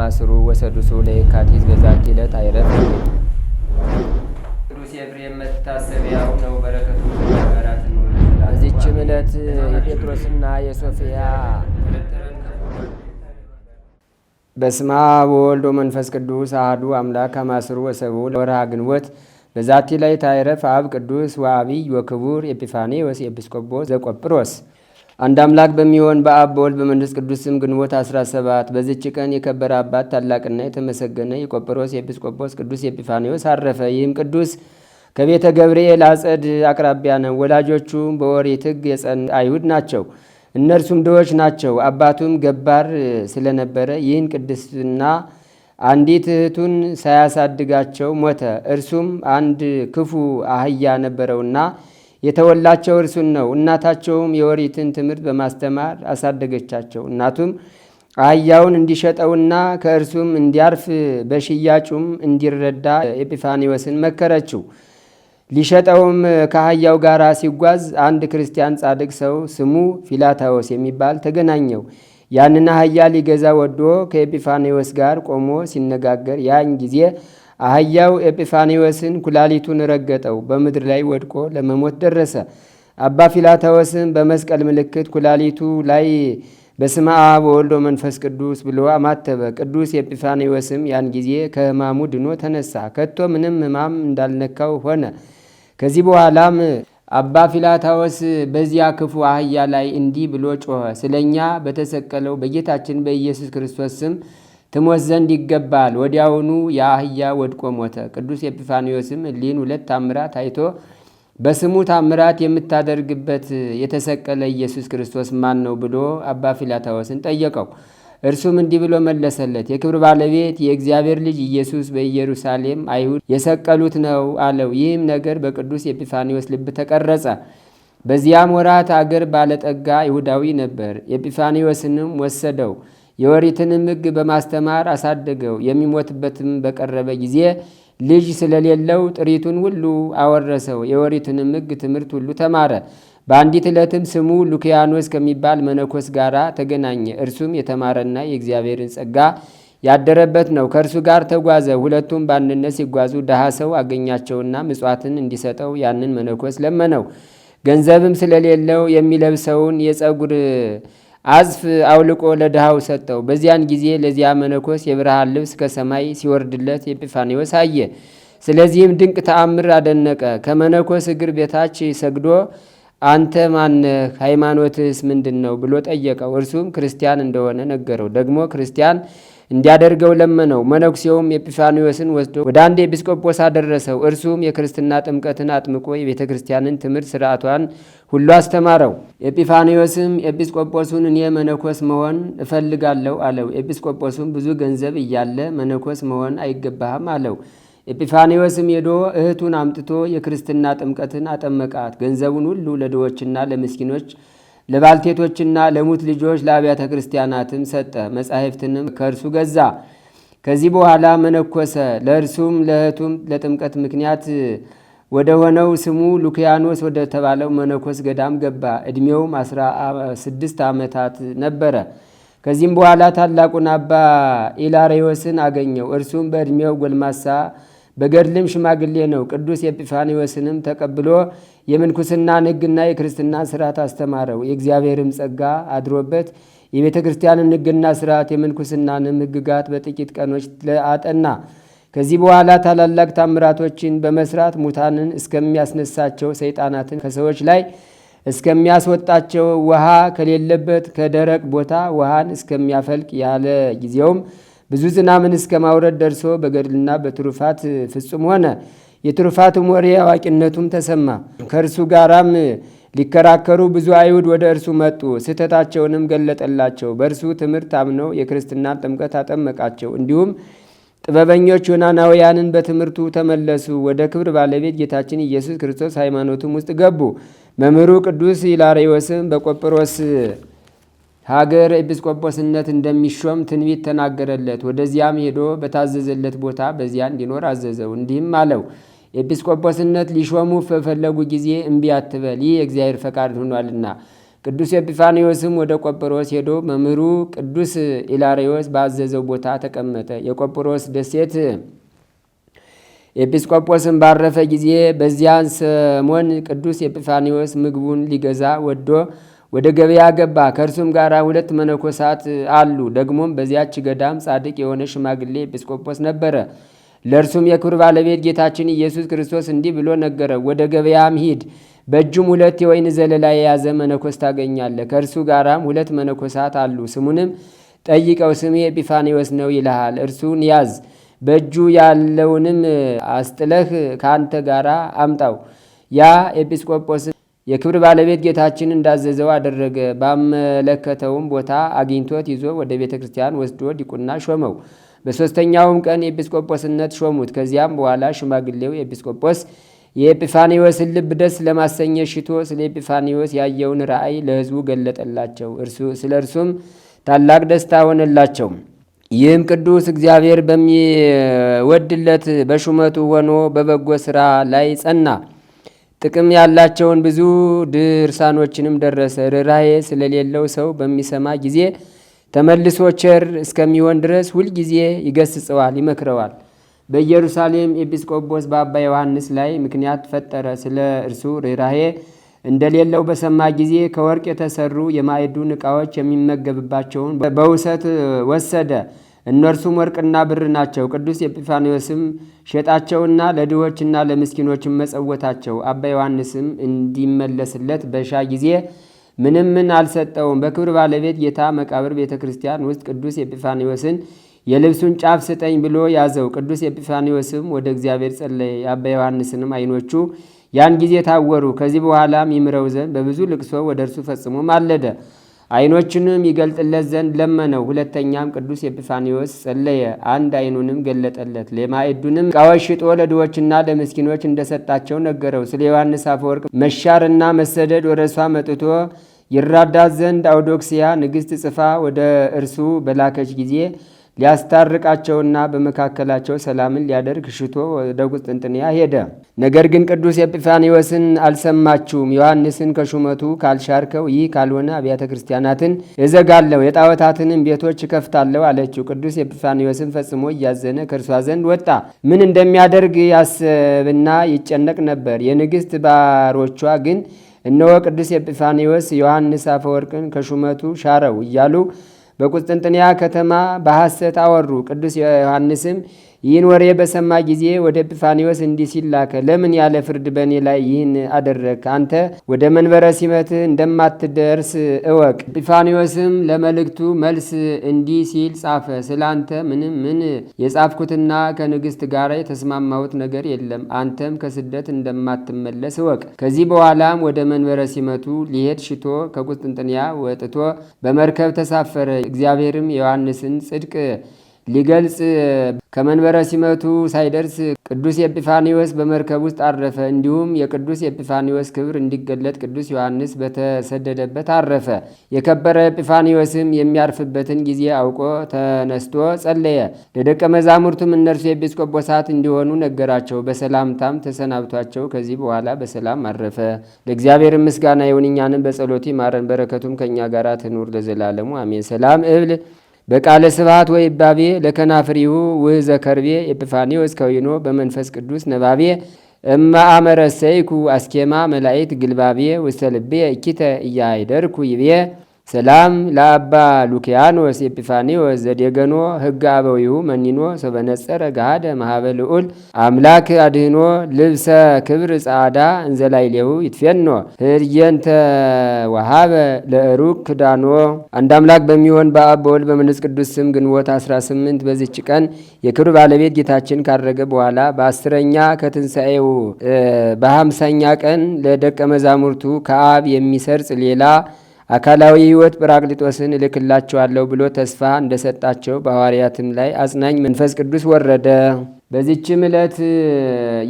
ማስሩ ወሰዱሱ ለየካቲት በዛቲ ዕለት አይረፍ። ቅዱስ ኤፍሬም መታሰቢያው ነው። በረከቱ ጋራት በዚችም ዕለት የጴጥሮስና የሶፊያ በስማ ወወልድ መንፈስ ቅዱስ አህዱ አምላክ አማስሩ ወሰቡ ለወርሃ ግንቦት በዛቲ ላይ ታይረፍ አብ ቅዱስ ወአብይ ወክቡር ኤጲፋኔዎስ ኤጲስቆጶስ ዘቆጵሮስ አንድ አምላክ በሚሆን በአብ በወልድ በመንፈስ ቅዱስም ግንቦት 17 በዚች ቀን የከበረ አባት ታላቅና የተመሰገነ የቆጵሮስ የኤጲስቆጶስ ቅዱስ ኤጲፋንዮስ አረፈ። ይህም ቅዱስ ከቤተ ገብርኤል አጸድ አቅራቢያ ነው። ወላጆቹም በኦሪት ሕግ የጸን አይሁድ ናቸው። እነርሱም ድሆች ናቸው። አባቱም ገባር ስለነበረ ይህን ቅድስና አንዲት እህቱን ሳያሳድጋቸው ሞተ። እርሱም አንድ ክፉ አህያ ነበረውና የተወላቸው እርሱን ነው። እናታቸውም የወሪትን ትምህርት በማስተማር አሳደገቻቸው። እናቱም አህያውን እንዲሸጠውና ከእርሱም እንዲያርፍ በሽያጩም እንዲረዳ ኤጲፋኒዎስን መከረችው። ሊሸጠውም ከአህያው ጋር ሲጓዝ አንድ ክርስቲያን ጻድቅ ሰው ስሙ ፊላታዎስ የሚባል ተገናኘው። ያንን አህያ ሊገዛ ወዶ ከኤጲፋኒዎስ ጋር ቆሞ ሲነጋገር ያን ጊዜ አህያው ኤጲፋኒዎስን ኩላሊቱን ረገጠው፣ በምድር ላይ ወድቆ ለመሞት ደረሰ። አባ ፊላታዎስን በመስቀል ምልክት ኩላሊቱ ላይ በስመ አብ ወወልድ ወመንፈስ ቅዱስ ብሎ አማተበ። ቅዱስ ኤጲፋኒዎስም ያን ጊዜ ከህማሙ ድኖ ተነሳ፣ ከቶ ምንም ህማም እንዳልነካው ሆነ። ከዚህ በኋላም አባ ፊላታዎስ በዚያ ክፉ አህያ ላይ እንዲህ ብሎ ጮኸ፣ ስለ እኛ በተሰቀለው በጌታችን በኢየሱስ ክርስቶስ ስም ትሞት ዘንድ ይገባል። ወዲያውኑ የአህያ ወድቆ ሞተ። ቅዱስ ኤጲፋኒዮስም እሊህን ሁለት ታምራት አይቶ በስሙ ታምራት የምታደርግበት የተሰቀለ ኢየሱስ ክርስቶስ ማን ነው ብሎ አባ ፊላታዎስን ጠየቀው። እርሱም እንዲህ ብሎ መለሰለት፣ የክብር ባለቤት የእግዚአብሔር ልጅ ኢየሱስ በኢየሩሳሌም አይሁድ የሰቀሉት ነው አለው። ይህም ነገር በቅዱስ ኤጲፋንዮስ ልብ ተቀረጸ። በዚያም ወራት አገር ባለጠጋ ይሁዳዊ ነበር። ኤጲፋንዮስንም ወሰደው የወሪትንም ሕግ በማስተማር አሳደገው። የሚሞትበትም በቀረበ ጊዜ ልጅ ስለሌለው ጥሪቱን ሁሉ አወረሰው። የወሪትንም ሕግ ትምህርት ሁሉ ተማረ። በአንዲት ዕለትም ስሙ ሉኪያኖስ ከሚባል መነኮስ ጋር ተገናኘ። እርሱም የተማረና የእግዚአብሔርን ጸጋ ያደረበት ነው። ከእርሱ ጋር ተጓዘ። ሁለቱም በአንድነት ሲጓዙ ድሃ ሰው አገኛቸውና ምጽዋትን እንዲሰጠው ያንን መነኮስ ለመነው። ገንዘብም ስለሌለው የሚለብሰውን የጸጉር አዝፍ አውልቆ ለድሃው ሰጠው። በዚያን ጊዜ ለዚያ መነኮስ የብርሃን ልብስ ከሰማይ ሲወርድለት ኤጲፋኔዎስ አየ። ስለዚህም ድንቅ ተአምር አደነቀ። ከመነኮስ እግር ቤታች ሰግዶ አንተ ማነህ? ሃይማኖትስ ምንድን ነው ብሎ ጠየቀው። እርሱም ክርስቲያን እንደሆነ ነገረው። ደግሞ ክርስቲያን እንዲያደርገው ለመነው። መነኩሴውም ኤጲፋኒዎስን ወስዶ ወደ አንድ ኤጲስቆጶስ አደረሰው። እርሱም የክርስትና ጥምቀትን አጥምቆ የቤተ ክርስቲያንን ትምህርት ስርዓቷን ሁሉ አስተማረው። ኤጲፋኒዎስም ኤጲስቆጶሱን እኔ መነኮስ መሆን እፈልጋለሁ አለው። ኤጲስቆጶሱም ብዙ ገንዘብ እያለ መነኮስ መሆን አይገባህም አለው። ኤጲፋኒዎስም ሄዶ እህቱን አምጥቶ የክርስትና ጥምቀትን አጠመቃት። ገንዘቡን ሁሉ ለድሆችና ለምስኪኖች ለባልቴቶችና ለሙት ልጆች ለአብያተ ክርስቲያናትም ሰጠ። መጻሕፍትንም ከእርሱ ገዛ። ከዚህ በኋላ መነኮሰ። ለእርሱም ለእህቱም ለጥምቀት ምክንያት ወደ ሆነው ስሙ ሉኪያኖስ ወደ ተባለው መነኮስ ገዳም ገባ። ዕድሜውም አስራ ስድስት ዓመታት ነበረ። ከዚህም በኋላ ታላቁን አባ ኢላሬዎስን አገኘው። እርሱም በዕድሜው ጎልማሳ በገድልም ሽማግሌ ነው። ቅዱስ ኤጲፋንዮስንም ተቀብሎ የምንኩስናን ሕግና የክርስትና ስርዓት አስተማረው። የእግዚአብሔርም ጸጋ አድሮበት የቤተ ክርስቲያንን ሕግና ስርዓት የምንኩስናንም ሕግጋት በጥቂት ቀኖች አጠና። ከዚህ በኋላ ታላላቅ ታምራቶችን በመስራት ሙታንን እስከሚያስነሳቸው፣ ሰይጣናትን ከሰዎች ላይ እስከሚያስወጣቸው፣ ውሃ ከሌለበት ከደረቅ ቦታ ውሃን እስከሚያፈልቅ ያለ ጊዜውም ብዙ ዝናምን እስከ ማውረድ ደርሶ በገድልና በትሩፋት ፍጹም ሆነ። የትሩፋትም ወሬ አዋቂነቱም ተሰማ። ከእርሱ ጋራም ሊከራከሩ ብዙ አይሁድ ወደ እርሱ መጡ። ስህተታቸውንም ገለጠላቸው። በእርሱ ትምህርት አምነው የክርስትናን ጥምቀት አጠመቃቸው። እንዲሁም ጥበበኞች ዮናናውያንን በትምህርቱ ተመለሱ። ወደ ክብር ባለቤት ጌታችን ኢየሱስ ክርስቶስ ሃይማኖቱም ውስጥ ገቡ። መምህሩ ቅዱስ ኢላሪዮስም በቆጵሮስ ሀገር ኤጲስቆጶስነት እንደሚሾም ትንቢት ተናገረለት። ወደዚያም ሄዶ በታዘዘለት ቦታ በዚያ እንዲኖር አዘዘው። እንዲህም አለው ኤጲስቆጶስነት ሊሾሙ በፈለጉ ጊዜ እምቢ አትበል፣ ይህ የእግዚአብሔር ፈቃድ ሆኗልና። ቅዱስ ኤጲፋኒዎስም ወደ ቆጵሮስ ሄዶ መምህሩ ቅዱስ ኢላሪዮስ ባዘዘው ቦታ ተቀመጠ። የቆጵሮስ ደሴት ኤጲስቆጶስን ባረፈ ጊዜ በዚያን ሰሞን ቅዱስ ኤጲፋኒዎስ ምግቡን ሊገዛ ወዶ ወደ ገበያ ገባ። ከእርሱም ጋር ሁለት መነኮሳት አሉ። ደግሞም በዚያች ገዳም ጻድቅ የሆነ ሽማግሌ ኤጲስቆጶስ ነበረ። ለእርሱም የክብር ባለቤት ጌታችን ኢየሱስ ክርስቶስ እንዲህ ብሎ ነገረ፣ ወደ ገበያም ሂድ፣ በእጁም ሁለት የወይን ዘለላ የያዘ መነኮስ ታገኛለ። ከእርሱ ጋራም ሁለት መነኮሳት አሉ። ስሙንም ጠይቀው፣ ስሜ ኤጲፋኔዎስ ነው ይልሃል። እርሱን ያዝ፣ በእጁ ያለውንም አስጥለህ ከአንተ ጋራ አምጣው። ያ ኤጲስቆጶስ የክብር ባለቤት ጌታችን እንዳዘዘው አደረገ። ባመለከተውም ቦታ አግኝቶት ይዞ ወደ ቤተ ክርስቲያን ወስዶ ዲቁና ሾመው። በሦስተኛውም ቀን የኤጲስቆጶስነት ሾሙት። ከዚያም በኋላ ሽማግሌው ኤጲስቆጶስ የኤጲፋኒዎስን ልብ ደስ ለማሰኘት ሽቶ ስለ ኤጲፋኒዎስ ያየውን ራእይ ለሕዝቡ ገለጠላቸው። ስለ እርሱም ታላቅ ደስታ ሆነላቸው። ይህም ቅዱስ እግዚአብሔር በሚወድለት በሹመቱ ሆኖ በበጎ ሥራ ላይ ጸና። ጥቅም ያላቸውን ብዙ ድርሳኖችንም ደረሰ። ርኅራኄ ስለሌለው ሰው በሚሰማ ጊዜ ተመልሶ ቸር እስከሚሆን ድረስ ሁልጊዜ ይገስጸዋል፣ ይመክረዋል። በኢየሩሳሌም ኤጲስቆጶስ በአባ ዮሐንስ ላይ ምክንያት ፈጠረ። ስለ እርሱ ርኅራኄ እንደሌለው በሰማ ጊዜ ከወርቅ የተሰሩ የማዕዱን ዕቃዎች የሚመገብባቸውን በውሰት ወሰደ። እነርሱም ወርቅና ብር ናቸው። ቅዱስ ኤጲፋንዮስም ሸጣቸውና ለድሆችና ለምስኪኖችም መጸወታቸው። አባ ዮሐንስም እንዲመለስለት በሻ ጊዜ ምንም ምን አልሰጠውም። በክብር ባለቤት ጌታ መቃብር ቤተ ክርስቲያን ውስጥ ቅዱስ ኤጲፋኒዎስን የልብሱን ጫፍ ስጠኝ ብሎ ያዘው። ቅዱስ ኤጲፋኒዎስም ወደ እግዚአብሔር ጸለየ። አባ ዮሐንስንም ዓይኖቹ ያን ጊዜ ታወሩ። ከዚህ በኋላም ይምረው ዘንድ በብዙ ልቅሶ ወደ እርሱ ፈጽሞ ማለደ። ዓይኖችንም ይገልጥለት ዘንድ ለመነው። ሁለተኛም ቅዱስ ኤጲፋኒዎስ ጸለየ፣ አንድ ዓይኑንም ገለጠለት። ለማዕዱንም ዕቃዎች ሽጦ ለድዎችና ለምስኪኖች እንደሰጣቸው ነገረው። ስለ ዮሐንስ አፈወርቅ መሻርና መሰደድ ወደ እሷ መጥቶ ይራዳት ዘንድ አውዶክስያ ንግሥት ጽፋ ወደ እርሱ በላከች ጊዜ ሊያስታርቃቸውና በመካከላቸው ሰላምን ሊያደርግ ሽቶ ወደ ቁስጥንጥንያ ሄደ። ነገር ግን ቅዱስ ኤጲፋኒዎስን አልሰማችሁም። ዮሐንስን ከሹመቱ ካልሻርከው፣ ይህ ካልሆነ አብያተ ክርስቲያናትን እዘጋለሁ፣ የጣዖታትንም ቤቶች እከፍታለሁ አለችው። ቅዱስ ኤጲፋኒዎስን ፈጽሞ እያዘነ ከእርሷ ዘንድ ወጣ። ምን እንደሚያደርግ ያስብና ይጨነቅ ነበር። የንግሥት ባሮቿ ግን እነሆ ቅዱስ ኤጲፋኒዎስ ዮሐንስ አፈወርቅን ከሹመቱ ሻረው እያሉ በቁስጥንጥንያ ከተማ በሐሰት አወሩ። ቅዱስ ዮሐንስም ይህን ወሬ በሰማ ጊዜ ወደ ኤጲፋንዮስ እንዲህ ሲል ላከ። ለምን ያለ ፍርድ በእኔ ላይ ይህን አደረግ? አንተ ወደ መንበረ ሲመትህ እንደማትደርስ እወቅ። ኤጲፋንዮስም ለመልእክቱ መልስ እንዲህ ሲል ጻፈ። ስለ አንተ ምንም ምን የጻፍኩትና ከንግሥት ጋር የተስማማሁት ነገር የለም። አንተም ከስደት እንደማትመለስ እወቅ። ከዚህ በኋላም ወደ መንበረ ሲመቱ ሊሄድ ሽቶ ከቁስጥንጥንያ ወጥቶ በመርከብ ተሳፈረ። እግዚአብሔርም የዮሐንስን ጽድቅ ሊገልጽ ከመንበረ ሲመቱ ሳይደርስ ቅዱስ ኤጲፋኒዎስ በመርከብ ውስጥ አረፈ። እንዲሁም የቅዱስ ኤጲፋኒዎስ ክብር እንዲገለጥ ቅዱስ ዮሐንስ በተሰደደበት አረፈ። የከበረ ኤጲፋኒዎስም የሚያርፍበትን ጊዜ አውቆ ተነስቶ ጸለየ። ለደቀ መዛሙርቱም እነርሱ ኤጲስቆጶሳት እንዲሆኑ ነገራቸው። በሰላምታም ተሰናብቷቸው ከዚህ በኋላ በሰላም አረፈ። ለእግዚአብሔር ምስጋና ይሁን፣ እኛንም በጸሎቱ ይማረን፣ በረከቱም ከእኛ ጋር ትኑር ለዘላለሙ አሜን። ሰላም እብል በቃለ ስብሐት ወይባቤ ለከናፍሪው ውህዘ ዘከርቤ ኤጲፋኒዎስ ከዊኖ በመንፈስ ቅዱስ ነባቤ እማ አመረሰይኩ አስኬማ መላእክት ግልባቤ ውስተ ልቤ እኪተ እያይደርኩ ይቤ ሰላም ለአባ ሉኪያኖስ ኤጲፋኒዎስ ዘዴገኖ ህግ አበዊሁ መኒኖ ሰበነጸረ ገሃደ ማህበ ልዑል አምላክ አድህኖ ልብሰ ክብር ጻዕዳ እንዘላይሌሁ ይትፌኖ ህድየንተ ወሃበ ለእሩቅ ክዳኖ። አንድ አምላክ በሚሆን በአብ በወልድ በመንፈስ ቅዱስ ስም ግንቦት 18 በዚች ቀን የክብር ባለቤት ጌታችን ካረገ በኋላ በአስረኛ ከትንሣኤው በሃምሳኛ ቀን ለደቀ መዛሙርቱ ከአብ የሚሰርጽ ሌላ አካላዊ ሕይወት ጰራቅሊጦስን እልክላቸዋለሁ ብሎ ተስፋ እንደሰጣቸው በሐዋርያትም ላይ አጽናኝ መንፈስ ቅዱስ ወረደ። በዚችም ዕለት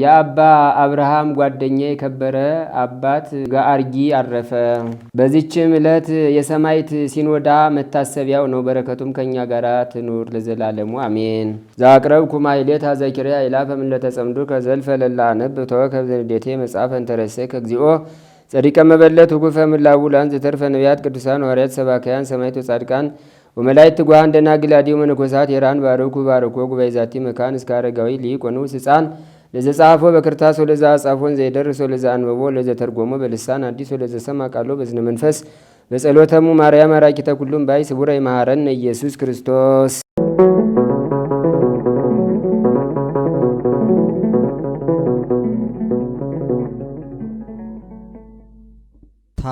የአባ አብርሃም ጓደኛ የከበረ አባት ጋአርጊ አረፈ። በዚችም ዕለት የሰማይት ሲኖዳ መታሰቢያው ነው። በረከቱም ከእኛ ጋር ትኑር ለዘላለሙ አሜን። ዛቅረብኩ ማሕሌተ አዘኪሪያ ኢላፈ ምለተጸምዱ ከዘልፈ ለላ ተወከብ ዘንዴቴ መጽሐፈ እንተረሴ ከግዚኦ ጸዲቀ መበለት ውጉፈ ምላቡ ላንዝ የተርፈ ነቢያት ቅዱሳን ዋርያት ሰባካያን ሰማዕት ወጻድቃን ወመላእክት ትጓሃን ግላዲዮ መነኮሳት የራን ባረኩ ባረኮ ጉባኤ ዛቲ መካን እስከ አረጋዊ ሊቆኑስ ሕፃን ለዘ ጻፎ በክርታስ ወለዘ ጻፎን ዘይደርሶ ለዘ አንበቦ ለዘ ተርጎሞ በልሳን አዲስ ወለዘ ሰማ ቃሎ በዝነ መንፈስ በጸሎተሙ ማርያም አራቂተ ኩሉም ባይ ስቡረ ይመሃረነ ኢየሱስ ክርስቶስ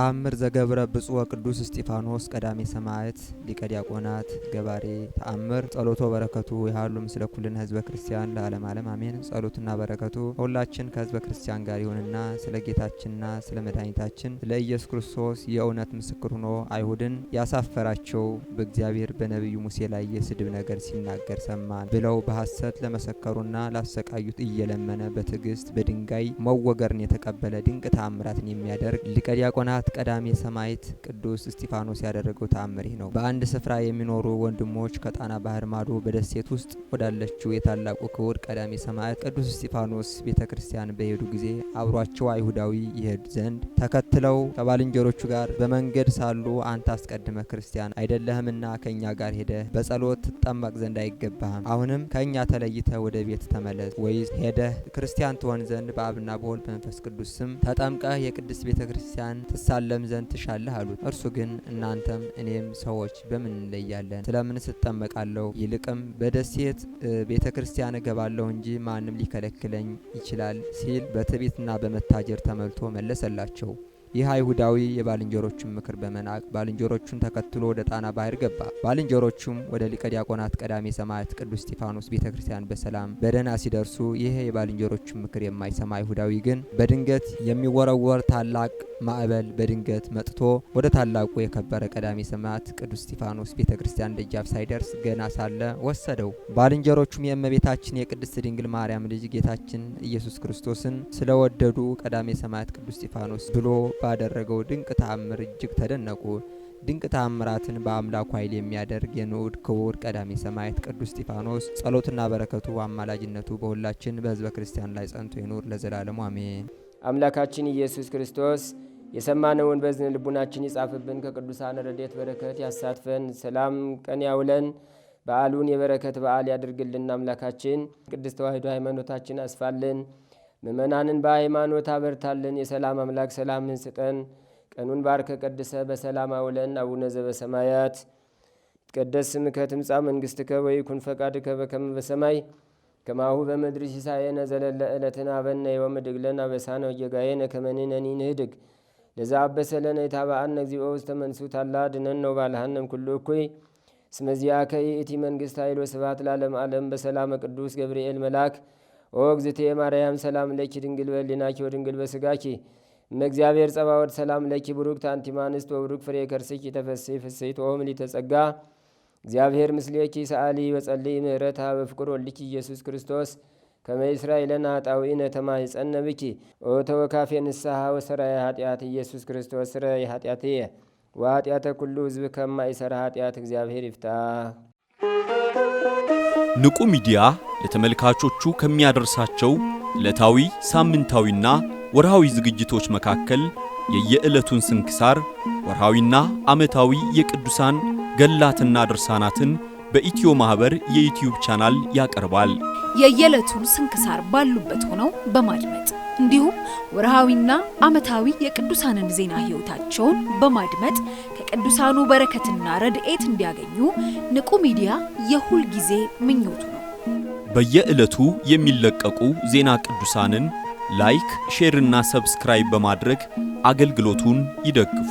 ተአምር ዘገብረ ብፁዕ ወቅዱስ እስጢፋኖስ ቀዳሜ ሰማዕት ሊቀ ዲያቆናት ገባሬ ተአምር ጸሎቶ በረከቱ ይሃሉ ምስለ ኩልነ ህዝበ ክርስቲያን ለዓለም ዓለም አሜን። ጸሎትና በረከቱ ሁላችን ከህዝበ ክርስቲያን ጋር ይሁንና ስለ ጌታችንና ስለ መድኃኒታችን ስለ ኢየሱስ ክርስቶስ የእውነት ምስክር ሆኖ አይሁድን ያሳፈራቸው በእግዚአብሔር በነቢዩ ሙሴ ላይ የስድብ ነገር ሲናገር ሰማን ብለው በሐሰት ለመሰከሩና ላሰቃዩት እየለመነ በትዕግስት በድንጋይ መወገርን የተቀበለ ድንቅ ተአምራትን የሚያደርግ ሊቀ ዲያቆናት ቀዳሜ ሰማዕት ቅዱስ እስጢፋኖስ ያደረገው ተአምር ነው። በአንድ ስፍራ የሚኖሩ ወንድሞች ከጣና ባህር ማዶ በደሴት ውስጥ ወዳለችው የታላቁ ክቡር ቀዳሜ ሰማዕት ቅዱስ እስጢፋኖስ ቤተ ክርስቲያን በሄዱ ጊዜ አብሯቸው አይሁዳዊ ይሄድ ዘንድ ተከትለው ከባልንጀሮቹ ጋር በመንገድ ሳሉ አንተ አስቀድመ ክርስቲያን አይደለህምና ከእኛ ጋር ሄደ በጸሎት ትጠመቅ ዘንድ አይገባህም። አሁንም ከእኛ ተለይተ ወደ ቤት ተመለስ፣ ወይስ ሄደህ ክርስቲያን ትሆን ዘንድ በአብና በወልድ በመንፈስ ቅዱስ ስም ተጠምቀህ የቅድስት ቤተ ክርስቲያን ትሳ ትሳለም ዘንድ ትሻለህ አሉት። እርሱ ግን እናንተም እኔም ሰዎች በምን እንለያለን? ስለምን ስጠመቃለሁ? ይልቅም በደሴት ቤተ ክርስቲያን እገባለሁ እንጂ ማንም ሊከለክለኝ ይችላል ሲል በትዕቢትና በመታጀር ተሞልቶ መለሰላቸው። ይህ አይሁዳዊ የባልንጀሮቹን ምክር በመናቅ ባልንጀሮቹን ተከትሎ ወደ ጣና ባህር ገባ። ባልንጀሮቹም ወደ ሊቀ ዲያቆናት ቀዳሜ ሰማዕት ቅዱስ እስጢፋኖስ ቤተ ክርስቲያን በሰላም በደህና ሲደርሱ ይህ የባልንጀሮቹን ምክር የማይሰማ አይሁዳዊ ግን በድንገት የሚወረወር ታላቅ ማዕበል በድንገት መጥቶ ወደ ታላቁ የከበረ ቀዳሜ ሰማዕት ቅዱስ እስጢፋኖስ ቤተ ክርስቲያን ደጃፍ ሳይደርስ ገና ሳለ ወሰደው። ባልንጀሮቹም የእመቤታችን የቅድስት ድንግል ማርያም ልጅ ጌታችን ኢየሱስ ክርስቶስን ስለወደዱ ቀዳሜ ሰማዕት ቅዱስ እስጢፋኖስ ብሎ ባደረገው ድንቅ ተአምር እጅግ ተደነቁ። ድንቅ ተአምራትን በአምላኩ ኃይል የሚያደርግ የንዑድ ክቡር ቀዳሚ ሰማዕት ቅዱስ እስጢፋኖስ ጸሎትና በረከቱ አማላጅነቱ በሁላችን በሕዝበ ክርስቲያን ላይ ጸንቶ ይኑር ለዘላለሙ አሜን። አምላካችን ኢየሱስ ክርስቶስ የሰማነውን በዝን ልቡናችን ይጻፍብን፣ ከቅዱሳን ረድኤት በረከት ያሳትፈን፣ ሰላም ቀን ያውለን፣ በዓሉን የበረከት በዓል ያድርግልን። አምላካችን ቅድስት ተዋሕዶ ሃይማኖታችን አስፋልን። ምእመናንን በሃይማኖት አበርታልን። የሰላም አምላክ ሰላምን ስጠን። ቀኑን ባርከ ቀድሰ በሰላም አውለን። አቡነ ዘበሰማያት ይትቀደስ ስምከ ትምጻእ መንግሥትከ ወይኩን ፈቃድከ በከመ በሰማይ ከማሁ በምድሪ ሲሳየነ ዘለለ ዕለትነ ሀበነ ዮም ወኅድግ ለነ አበሳነ ወጌጋየነ ከመ ንሕነኒ ንኅድግ ለዘአበሰ ለነ ኢታብአነ እግዚኦ ውስተ መንሱት አላ አድኅነነ ወባልሐነ እምኩሉ እኩይ እስመ ዚአከ ይእቲ መንግስት ኃይል ወስብሐት ለዓለመ ዓለም በሰላመ ቅዱስ ገብርኤል መልአክ ኦ እግዝእቴ ማርያም ሰላም ለኪ ድንግል በሊናኪ ወድንግል በስጋኪ እመእግዚአብሔር ጸባወድ ሰላም ለኪ ብሩክ ታንቲማንስት ወብሩክ ፍሬ ከርስኪ ተፈሲ ፍስይት ኦም ሊተጸጋ እግዚአብሔር ምስሌኪ ሰአሊ በጸልይ ምህረታ በፍቅር ወልኪ ኢየሱስ ክርስቶስ ከመይ ይስራኤለነ ኃጣውኢነ ተማኅፀነ ይጸነብኪ ኦ ተወካፌ ንስሓ ወሰራ ኃጢአት ኢየሱስ ክርስቶስ ስረ ስረይ ኃጢአትየ ወኃጢአተ ኩሉ ህዝብ ይሰራ ኃጢአት እግዚአብሔር ይፍታ። ንቁ ሚዲያ ለተመልካቾቹ ከሚያደርሳቸው ዕለታዊ ሳምንታዊና ወርሃዊ ዝግጅቶች መካከል የየዕለቱን ስንክሳር ወርሃዊና ዓመታዊ የቅዱሳን ገላትና ድርሳናትን በኢትዮ ማህበር የዩትዩብ ቻናል ያቀርባል። የየዕለቱን ስንክሳር ባሉበት ሆነው በማድመጥ እንዲሁም ወርሃዊና ዓመታዊ የቅዱሳንን ዜና ሕይወታቸውን በማድመጥ ከቅዱሳኑ በረከትና ረድኤት እንዲያገኙ ንቁ ሚዲያ የሁል ጊዜ ምኞቱ ነው። በየዕለቱ የሚለቀቁ ዜና ቅዱሳንን ላይክ፣ ሼርና ሰብስክራይብ በማድረግ አገልግሎቱን ይደግፉ።